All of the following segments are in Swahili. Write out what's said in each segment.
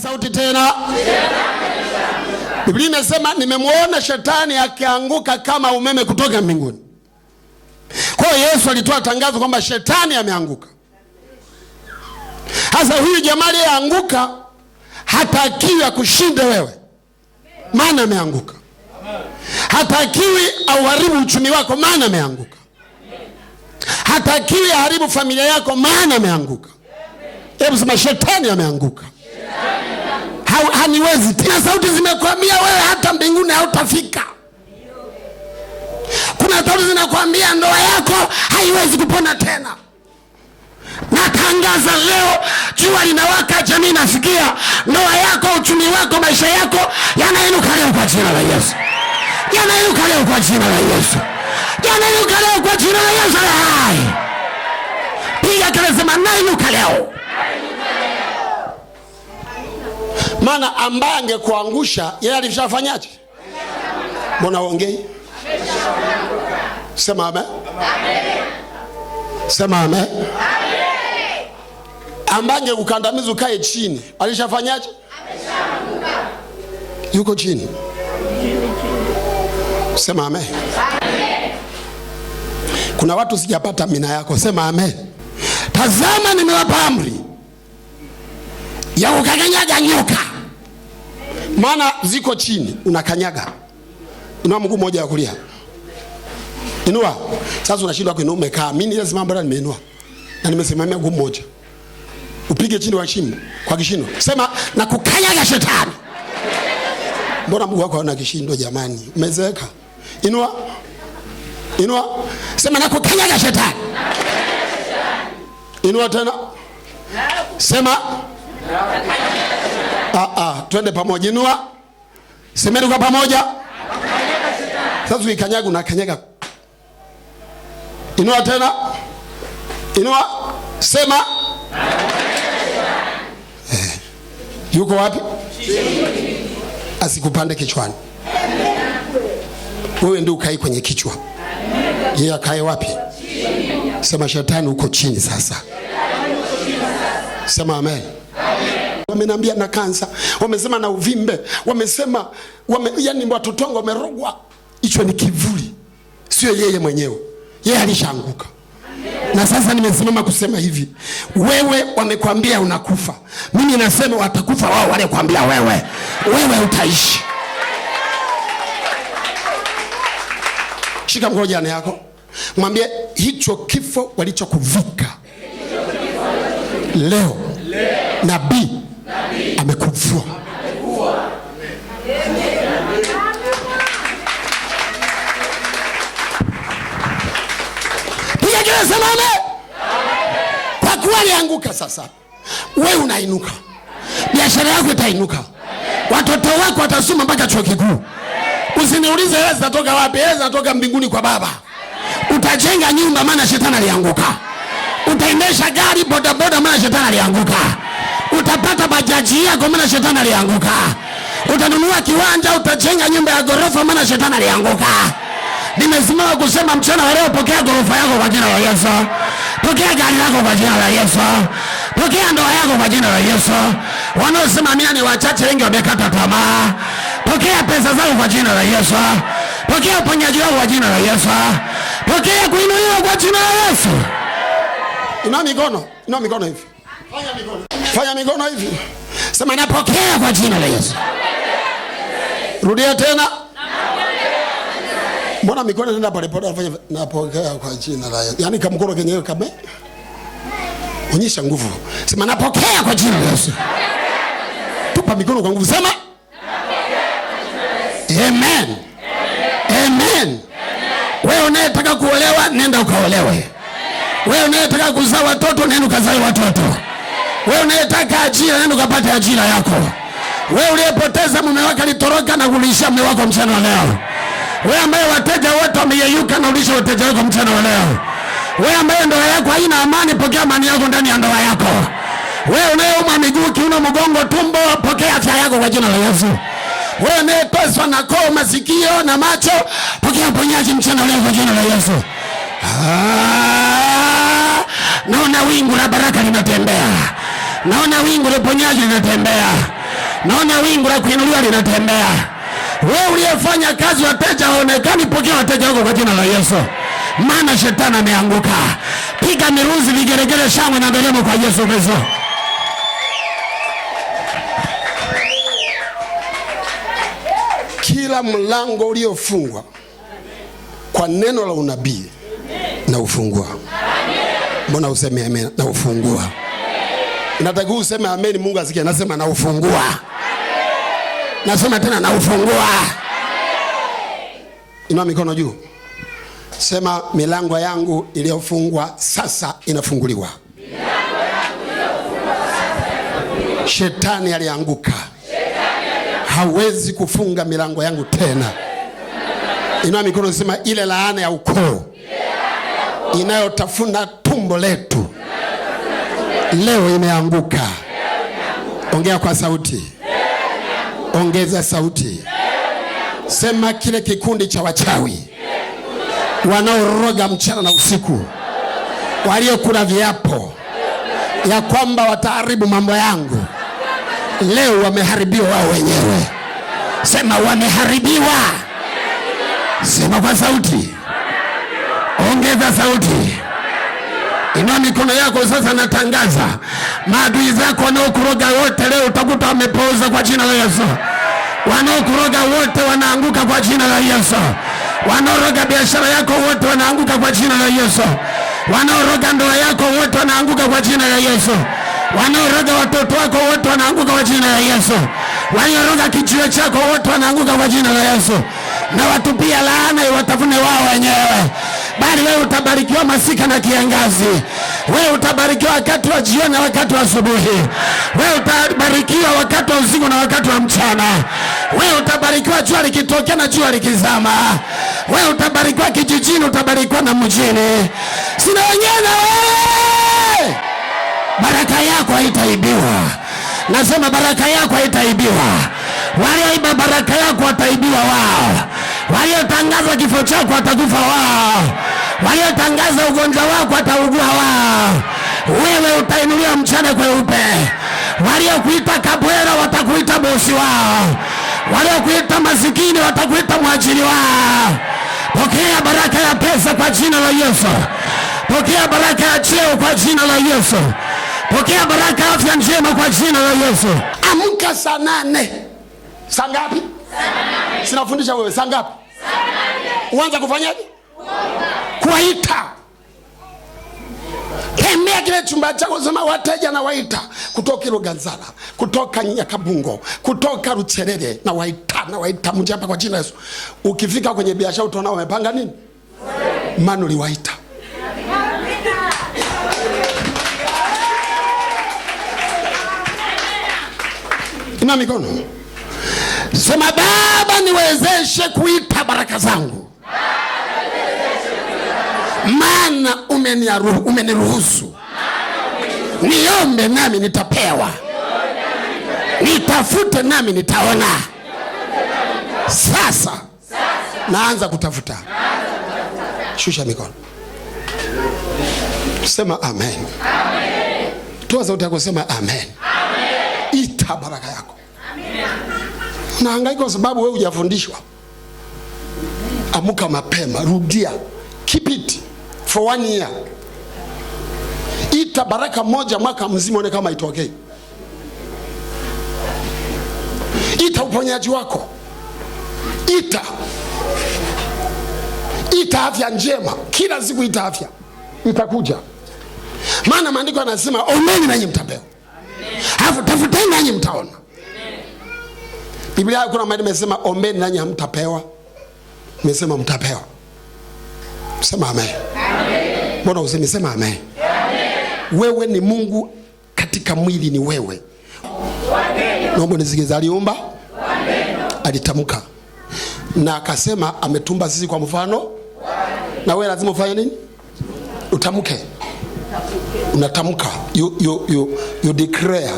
sauti tena. Biblia inasema nimemwona shetani akianguka kama umeme kutoka mbinguni. Kwa hiyo Yesu alitoa tangazo kwamba shetani ameanguka. Sasa huyu jamaa aliyeanguka hatakiwi kushinde wewe, maana ameanguka. Hatakiwi auharibu uchumi wako, maana ameanguka. Hatakiwi aharibu familia yako, maana ameanguka. Hebu sema shetani ameanguka haniwezi tena. Sauti zimekwambia wewe hata mbinguni hautafika. Kuna sauti zinakwambia ndoa yako haiwezi kupona tena. Natangaza leo, jua linawaka, jamii nasikia, ndoa yako, uchumi wako, maisha yako yanainuka leo kwa jina la Yesu, yanainuka leo kwa jina la Yesu, yanainuka leo kwa jina la Yesu. Piga kelele, sema nainuka leo maana ambaye angekuangusha yeye alishafanyaje? Mbona ongei? Sema amen. Sema amen. Ambaye angekukandamiza ukae chini alishafanyaje? Yuko chini. Sema amen. Kuna watu sijapata mina yako. Sema amen. Tazama, nimewapa amri ya kukanyaga nyoka maana ziko chini, unakanyaga. Inua mguu mmoja wa kulia, inua. Sasa unashindwa kuinua, umekaa. Mimi ile simama bora, nimeinua na nimesimamia mguu mmoja. Upige chini wa shimo kwa kishindo, sema na kukanyaga shetani. Mbona mguu wako hauna kishindo jamani? Umezeeka. Inua, inua, sema na kukanyaga shetani. Inua tena, sema ah, ah, twende pamoja. Inua semeni kwa pamoja. Sasa ukikanyaga unakanyaga. Inua tena, inua, sema eh. Yuko wapi? Asikupande kichwani. Wewe ndio ukae kwenye kichwa, yeye akae wapi? Sema shetani uko chini sasa. Sema amen, amen wamenambia na kansa, wamesema na uvimbe, wamesema wame, yani watoto wangu wamerogwa. Hicho ni kivuli, sio yeye mwenyewe. Yeye alishaanguka na sasa nimesimama kusema hivi, wewe wamekwambia unakufa, mimi nasema watakufa wao walikwambia wewe, wewe utaishi. Shika mkono jirani yako, mwambie hicho kifo walichokuvika leo, leo nabii amekufua. Piga kelele salame, kwa kuwa alianguka. Sasa we unainuka, biashara yako itainuka, watoto wako watasoma mpaka chuo kikuu. Usiniulize hela zinatoka wapi, hela zinatoka mbinguni kwa Baba. Utajenga nyumba, maana shetani alianguka. Utaendesha gari bodaboda, maana shetani alianguka utapata bajaji yako, maana shetani alianguka. Utanunua kiwanja, utajenga nyumba ya ghorofa, maana shetani alianguka. Nimesimama kusema mchana wa leo, pokea ghorofa yako kwa jina la Yesu. Pokea gari lako kwa jina la Yesu. Pokea ndoa yako kwa jina la Yesu. Wanaosema mimi ni wachache, wengi wamekata tamaa. Pokea pesa zako kwa jina la Yesu. Pokea uponyaji wako kwa jina la Yesu. Pokea kuinuliwa kwa jina la Yesu. Inua mikono, inua mikono hivi. Fanya mikono fanya mikono hivi, sema napokea kwa jina la Yesu. Rudia tena, mbona mikono inaenda polepole? Afanye napokea kwa jina la Yesu, yaani kamkono kenyewe kame, onyesha nguvu, sema napokea kwa jina la Yesu. Tupa mikono kwa nguvu, sema amen, amen. Wewe unayetaka kuolewa nenda ukaolewe, wewe unayetaka kuzaa watoto nenda ukazae watoto. Amen. Wewe unayetaka ajira, nenda ukapate ajira yako. Wewe uliyepoteza mume wako alitoroka na kulisha mume wako mchana wa leo. Wewe ambaye wateja wote wameyeyuka na ulisha wateja wako mchana wa leo. Wewe ambaye ndoa yako haina amani, pokea amani yako ndani ya ndoa yako. Wewe unayeumwa miguu, kiuno, mgongo, tumbo, pokea afya yako kwa jina la Yesu. Wewe unayeteswa na koo, masikio na macho, pokea ponyaji mchana leo kwa jina la Yesu. Ah, Naona wingu la baraka linatembea. Naona wingu la uponyaji linatembea, naona wingu la kuinuliwa linatembea. Wewe uliyefanya kazi wateja waonekani, pokea wateja wako kwa jina la Yesu, maana shetani ameanguka. Piga miruzi, vigeregere, shangwe na nderemo kwa Yesu Kristo. Kila mlango uliofungwa kwa neno la unabii na ufungua. Mbona useme amen? Na ufungua. Amen. Natakiwa useme amen, Mungu asikie. Nasema naufungua, nasema tena naufungua. Inua mikono juu, sema milango yangu iliyofungwa sasa inafunguliwa. Shetani alianguka, hawezi kufunga milango yangu tena. Inua mikono, sema ile laana ya ukoo inayotafuna tumbo letu leo imeanguka. Ongea kwa sauti, ongeza sauti, sema kile kikundi cha wachawi wanaoroga mchana na usiku, waliokula viapo ya kwamba wataharibu mambo yangu, leo wameharibiwa wao wenyewe. Sema wameharibiwa, sema kwa sauti, ongeza sauti. Inua mikono yako sasa, natangaza maadui zako wanaokuroga wote leo utakuta wamepooza kwa jina la Yesu. Wanaokuroga wote wanaanguka kwa jina la Yesu. Wanaoroga biashara yako wote wanaanguka kwa jina la Yesu. Wanaoroga ndoa yako wote wanaanguka kwa jina la Yesu. Wanaoroga watoto wako wote wanaanguka kwa jina la Yesu. Wanaoroga kijiwe chako wote wanaanguka kwa jina la Yesu, na watupia laana iwatafune wao wenyewe bali wewe utabarikiwa masika na kiangazi. Wewe utabarikiwa wakati wa jioni na wakati wa asubuhi. Wewe utabarikiwa wakati wa usiku na wakati wa mchana. Wewe utabarikiwa jua likitokea na jua likizama. Wewe utabarikiwa kijijini, utabarikiwa na mjini. Sina wengine baraka yako haitaibiwa. Nasema baraka yako haitaibiwa. Walioiba baraka yako wataibiwa wao, waliotangaza kifo chako watakufa wao waliotangaza ugonjwa wako ataugua wao, wewe utainuliwa mchana kweupe. Waliokuita kabwera watakuita bosi wao, waliokuita masikini watakuita mwajiri wao. Pokea baraka ya pesa kwa jina la Yesu. Pokea baraka ya cheo kwa jina la Yesu. Pokea baraka ya afya njema kwa jina la Yesu. Amka saa nane. Saa ngapi? Sinafundisha wewe saa ngapi? Saa Uanza kufanyaje? kuwaita tembea kile chumba chako, sema wateja na waita kutoka Iloganzara, kutoka Nyakabungo, kutoka Rucherere, na waita na waita, mje hapa kwa jina Yesu. Ukifika kwenye biashara utaona wamepanga nini, manu liwaita na mikono, sema Baba niwezeshe kuita baraka zangu maana umeniruhusu niombe nami nitapewa, nitafute nami nitaona. Sasa naanza kutafuta. Shusha mikono, sema amen, amen. Toa sauti yako, sema amen, Ita baraka yako. Unahangaika kwa sababu wewe hujafundishwa. Amuka mapema, rudia for one year. Ita baraka moja mwaka mzima, one kama itokei. Ita uponyaji wako, ita ita afya njema, kila siku ita afya, itakuja. Maana maandiko yanasema omeni nanyi mtapewa, alafu tafuteni nanyi mtaona. Biblia kuna mahali imesema omeni nanyi hamtapewa, imesema mtapewa. Sema amen. Mbona useme sema amen? Amen. Wewe ni Mungu katika mwili ni wewe. Naomba nisikize, aliumba alitamka na akasema ametumba sisi kwa mfano na wewe lazima ufanye nini? Utamke, unatamka you, you, you, you declare,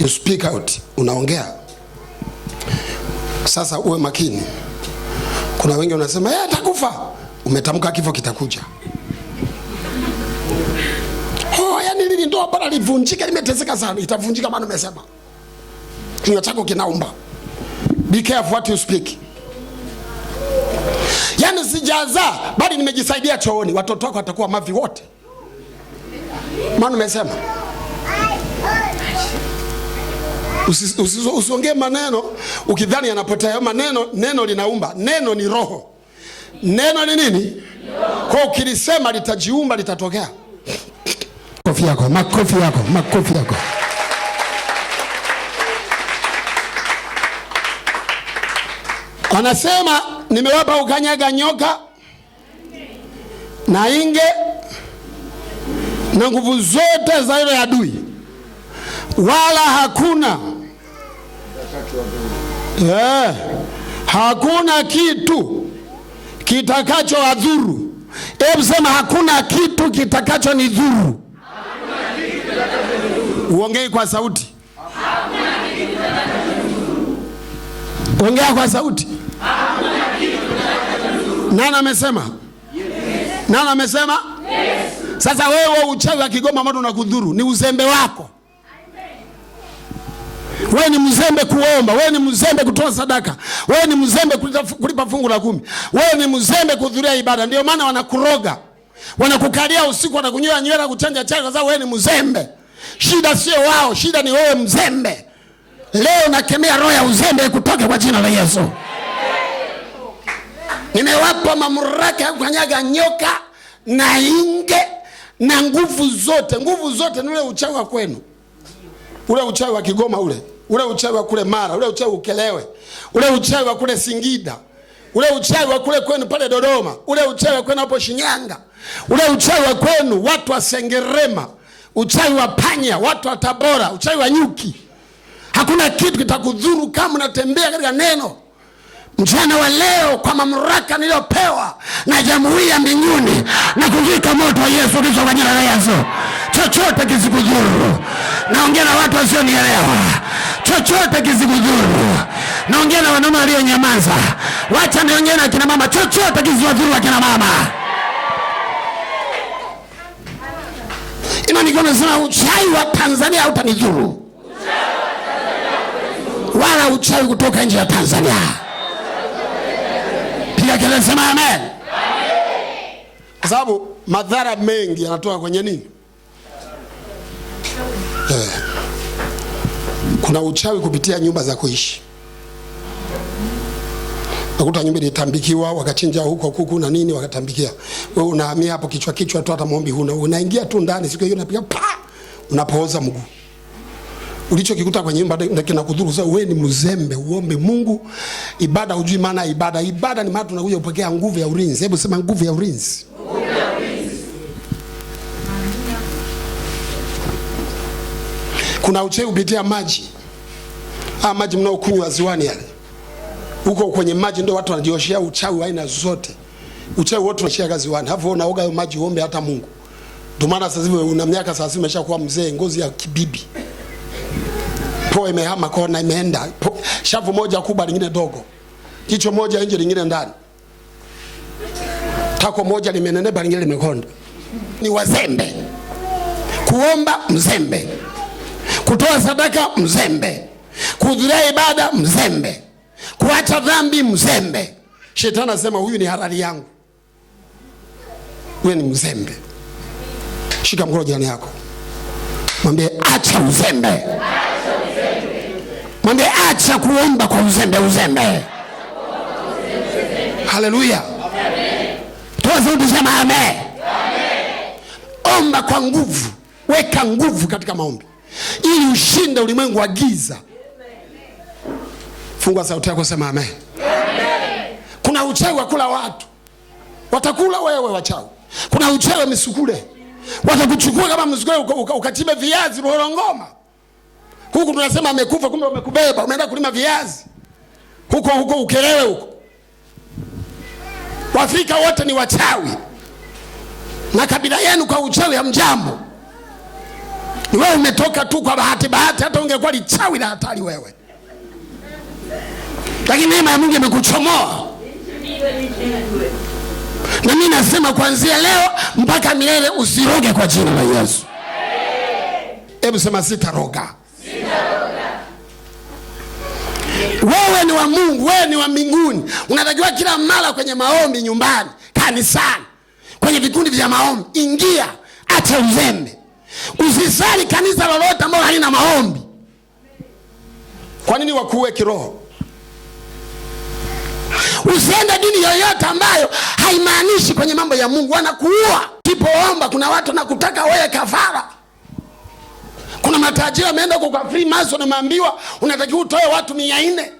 you speak out, unaongea. Sasa uwe makini, kuna wengi wanasema eh, atakufa. Hey, umetamka kifo kitakuja. Ndoa bora livunjike, limeteseka sana, itavunjika maana umesema. Kinywa chako kinaumba. Be careful what you speak. Yani sijaza bali nimejisaidia chooni, watoto wako watakuwa mavi wote. Maana umesema. Usiongee usi, usi maneno ukidhani yanapotea maneno. Neno linaumba, neno ni roho. Neno ni nini? Kwa ukilisema litajiumba, litatokea. Makofi yako, makofi yako, makofi yako. Anasema nimewapa ukanyaga nyoka na inge na nguvu zote za ile adui, wala hakuna eh, hakuna kitu kitakacho wadhuru. Hebu sema hakuna kitu kitakacho nidhuru. Uongei kwa sauti. Ongea kwa sauti. Nani amesema? Nani amesema? Sasa wewe uchawi wa Kigoma ambao unakudhuru ni uzembe wako. Wewe ni mzembe kuomba, wewe ni mzembe kutoa sadaka, wewe ni mzembe kulipa fungu la kumi, wewe ni mzembe kuhudhuria ibada. Ndio maana wanakuroga, wanakukalia usiku, wanakunywea nywele, kuchanja chai, kwa sababu wewe ni mzembe. Shida sio wao, shida ni wewe mzembe. Leo nakemea roho ya uzembe kutoka kwa jina la Yesu. Nimewapa mamlaka ya kukanyaga nyoka na inge na nguvu zote, nguvu zote. Ni ule uchawi wa kwenu, ule uchawi wa Kigoma, ule ule uchawi wa kule Mara, ule uchawi Ukelewe, ule uchawi wa kule Singida, ule uchawi wa kule kwenu pale Dodoma, ule uchawi wa kwenu hapo Shinyanga, ule uchawi wa kwenu watu wa Sengerema uchawi wa panya, watu wa Tabora, uchawi wa nyuki. Hakuna kitu kitakudhuru kama unatembea katika neno. Mchana wa leo, kwa mamlaka niliyopewa na jamhuri ya mbinguni, na kuvika moto wa Yesu Kristo kwa jina la Yesu, chochote kisikudhuru. Naongea na watu wasionielewa, chochote kisikudhuru. Naongea na wanaume walionyamaza, wacha niongee na kina mama, chochote kisiwadhuru kina mama Sima nikiwa nasema uchawi wa Tanzania hautanidhuru wala uchawi kutoka nje ya Tanzania. Piga kelele, sema amen. Kwa sababu madhara mengi yanatoka kwenye nini? Eh, kuna uchawi kupitia nyumba za kuishi utakuta nyumba ilitambikiwa, wakachinja huko kuku na nini wakatambikia. Wewe unahamia hapo kichwa kichwa tu, hata maombi huna. Unaingia tu ndani, siku hiyo unapiga pa, unapooza mguu. Ulichokikuta kwenye nyumba ndio kinakudhuru. Sasa wewe ni mzembe, uombe Mungu. Ibada hujui maana ibada. Ibada ni maana tunakuja kupokea nguvu ya ulinzi. Hebu sema nguvu ya ulinzi. Kuna uchawi kupitia maji. Ah, maji mnaokunywa ziwani yale huko kwenye maji ndio watu wanajioshea uchawi aina zote. Uchawi wote unaishia ziwani. Hapo unaoga maji uombe hata Mungu. Ndio maana sasa hivi una miaka 30 kuwa mzee, ngozi ya kibibi. Poa imehama kona imeenda. shavu moja kubwa lingine dogo. Jicho moja nje lingine ndani. Tako moja limenenepa lingine limekonda. Ni wazembe. Kuomba mzembe. Kutoa sadaka mzembe. Kuhudhuria ibada mzembe kuacha dhambi mzembe. Shetani anasema huyu ni halali yangu, wewe ni mzembe. Shika mkono jirani yako, mwambie acha uzembe, mwambie acha kuomba kwa uzembe, uzembe. Haleluya, toa sauti, sema amen. Omba kwa nguvu, weka nguvu katika maombi ili ushinde ulimwengu wa giza. Fungua sauti yako, sema amen. Kuna uchawi wa kula watu, watakula wewe wachawi. Kuna uchawi wa misukule, watakuchukua kama msukule ukachimbe viazi Ngoma. Huku tunasema amekufa, kumbe wamekubeba umeenda kulima viazi huko huko Ukerewe huko. Waafrika wote ni wachawi na kabila yenu kwa uchawi hamjambo. Ni wewe umetoka tu kwa bahati bahati, hata ungekuwa lichawi na hatari wewe lakini neema ya Mungu imekuchomoa. Na mimi nasema kuanzia leo mpaka milele usiroge kwa jina la Yesu. Hebu sema sitaroga. Wewe ni wa Mungu, wewe ni wa mbinguni. Unatakiwa kila mara kwenye maombi nyumbani, kanisani, kwenye vikundi vya maombi, ingia acha uzembe. Usisali kanisa lolote ambalo halina maombi. Kwa nini wakuwe kiroho? Usiende dini yoyote ambayo haimaanishi kwenye mambo ya Mungu, wanakuua. Tipoomba kuna watu nakutaka wewe kafara. Kuna matajiri ameenda huko kwa free mason, wameambiwa unatakiwa utoe watu mia nne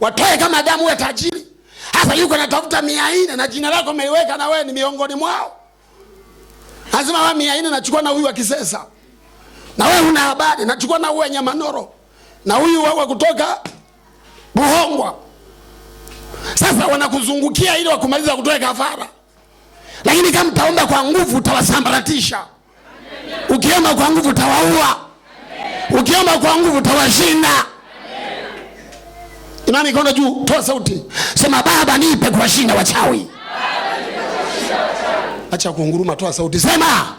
watoe kama damu, uwe tajiri. Hasa yuko anatafuta mia nne na jina lako umeiweka, na wewe ni miongoni mwao. Lazima wa mia nne nachukua na huyu wa Kisesa, na wewe una habari, nachukua na huyu wa Nyamanoro, na huyu wa kutoka Buhongwa sasa wanakuzungukia ili wakumaliza kutoa kafara, lakini kama utaomba kwa nguvu utawasambaratisha. Ukiomba kwa nguvu utawaua, ukiomba kwa nguvu utawashinda. Imani ikaenda juu, toa sauti, sema Baba nipe kuwashinda wachawi. Acha kunguruma, toa sauti, sema